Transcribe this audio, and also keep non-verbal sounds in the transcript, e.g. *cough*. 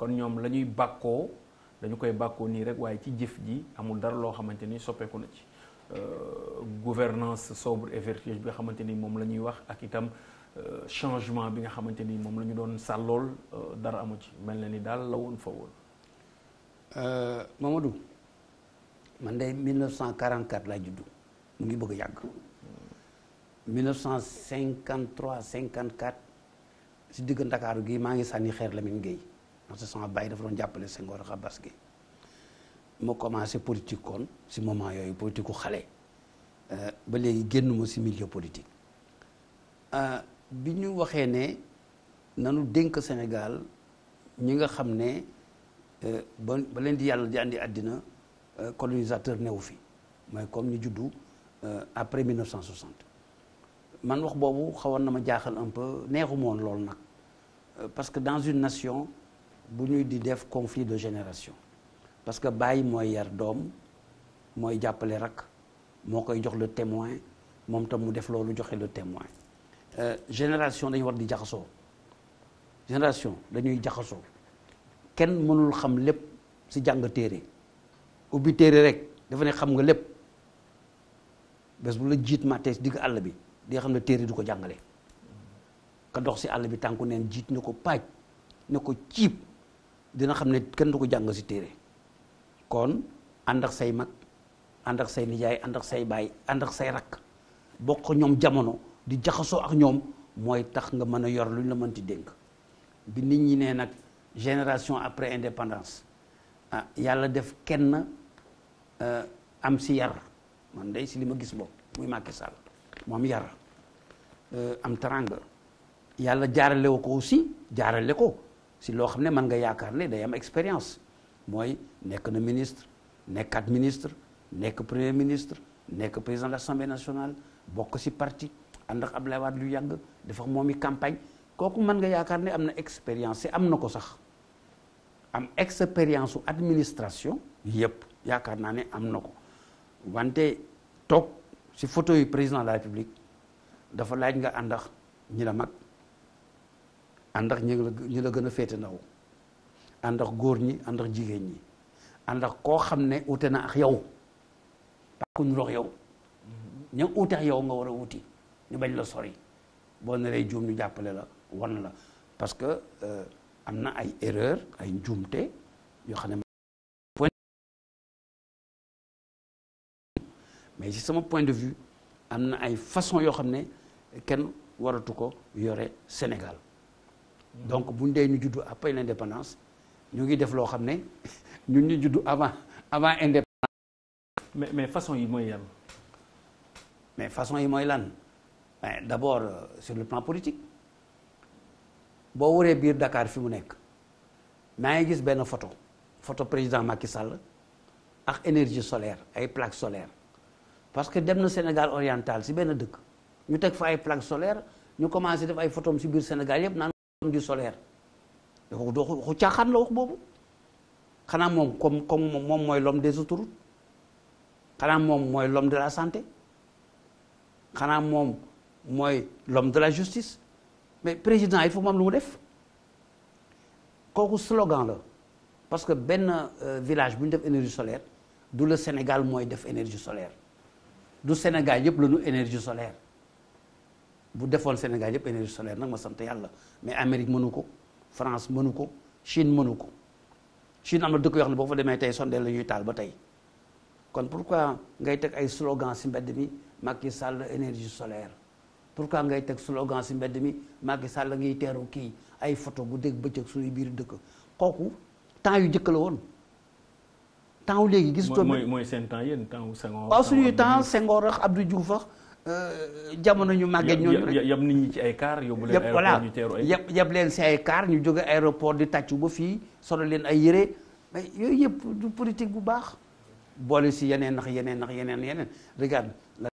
kon ñoom la ñuy bàkkoo dañu koy bàkkoo nii rek waaye ci jëf ji amul dara loo xamante ni soppeeku na ci euh, gouvernance sobre et vertueuse bi nga xamante ni moom la ñuy wax ak itam euh, changement bi nga xamante ni moom lañu doon sàllool euh, dara amu ci mel na ni daal la woon fa woon Mamadou man de 1944 laa juddu mu ngi bëgg a yàgg 1953 54 si digg Ndakaaru gii maa ngi sànni xeer la Lamine Gueye parce que sama baay dafa doon jàppale Senghor Xabas gi ma commencé politique kon si moment yooyu politique ku xale euh, ba léegi génnuma si milieu politique euh, bi ñu waxee ne nanu dénk Sénégal ñi nga xam ne euh, ba ba leen di yàlla di àddina colonisateur newu fi mooy comme ñu juddu après 1960 man wax boobu xawoon na ma jaaxal un peu neexu moon loolu nag parce que dans une nation bu ñuy di def conflit de génération parce que bàyyi mooy yar doom mooy jàppale rak moo koy jox le témoin moom tam mu def loolu joxe le témoin euh, génération dañu war di jaxasoo génération dañuy jaxasoo kenn mënul xam lépp si jàng téere ubbi téere rek dafa ne xam nga lépp bés bu la jiit màttee si digg àll bi di nga xam ne téere du ko jàngale ka dox si àll bi tànku neen jiit ne ko paaj ne ko ciib dina xam ne kenn du ko jàng si téere kon ànd ak say mag ànd ak say nijaay ànd ak say baay ànd ak say rakk bokk ñoom jamono di jaxasoo ak ñoom mooy tax nga mën a yor luñ la mënti dénk bi nit ñi nee nag génération après indépendance ah yàlla def kenn eh, am si yar man day si li ma gis bopp muy Macky Sall moom yar eh, am teraanga yàlla jaaralewu ko aussi jaarale ko si loo xam ne mën nga yaakaar ne day am expérience mooy nekk na ministre nekkat ministre nekk premier ministre nekk président de l'Assemblée nationale bokk si parti ànd ak Abdoulaye Wade lu yàgg defa moom i campagne kooku mën nga yaakaar ne am na expérience am na ko sax am expérience su administration yëpp yaakaar naa ne am na ko wante toog si photo yi président de la république dafa laaj nga àndax ñi la mag ànd ak ñi la gën a féete ndaw ànd góor ñi ànd ak jigéen ñi ànd ak koo xam ne ute na ak yow parce que ñu dox yow ña ute ak yow nga war a wuti ñu bañ la sori boo naree juum ñu jàppale la wan la parce que euh, am na ay erreur ay njuumte yoo xam ne ci sama point de vue am na ay façon yoo xam ne kenn waratu ko yore Sénégal donc bu ñu dee ñu juddu après l'indépendance ñu ngi def loo xam ne *laughs* ñun ñu juddu avant avant indépendance. mais mais façon yi mooy yan. mais façon yi mooy lan d'abord euh, sur le plan politique boo waree biir dakaar fi mu nekk maa ngi gis benn photo photo président Macky Sall ak énergie solaire ay plaques solaires parce que dem na Sénégal oriental si benn dëkk ñu teg fa ay plaques solaires ñu commencé def ay photos si biir Sénégal yëpp naan. du solaire waxu doo waxu caaxaan la wax boobu xanaa moom comme comme moom mooy l'homme des autoroutes xanaa moom mooy l'homme de la santé xanaa moom mooy l'homme de la justice mais président il faut moom lu mu def kooku slogan la parce que benn euh, village bu ñu def énergie solaire du le Sénégal mooy def énergie solaire du Sénégal yëpp la ñu énergie solaire bu defoon Sénégal yëpp énergie solaire nag ma sant yàlla mais Amérique mënu ko France mënu ko Chine mënu ko Chine am na dëkk yoo xam ne boo fa demee tey sondeel la ñuy taal ba tey kon pour quoi ngay teg ay slogan si mbedd mi Macky Sall énergie solaire pour pourquoi ngay teg slogan si mbedd mi Macky sàll ngiy teeru kii ay photo bu dégg bëccëg suñuy biir dëkk kooku temps yu njëkk la woon temps wu léegi gis. mooy mooy seen temps yéen temps wu ak Abdou Diouf Euh, jamono ñu màgget ñooñu rek yab nit ñi ci ay car yóbbu leen aéroport ñu teeru ay yab yab leen si ay kaar ñu jóge aéroport di tàccu ba fii solo leen ay yére mais yooyu yëpp du politique bu baax boole si yeneen nax yeneen nax yeneen yeneen regarde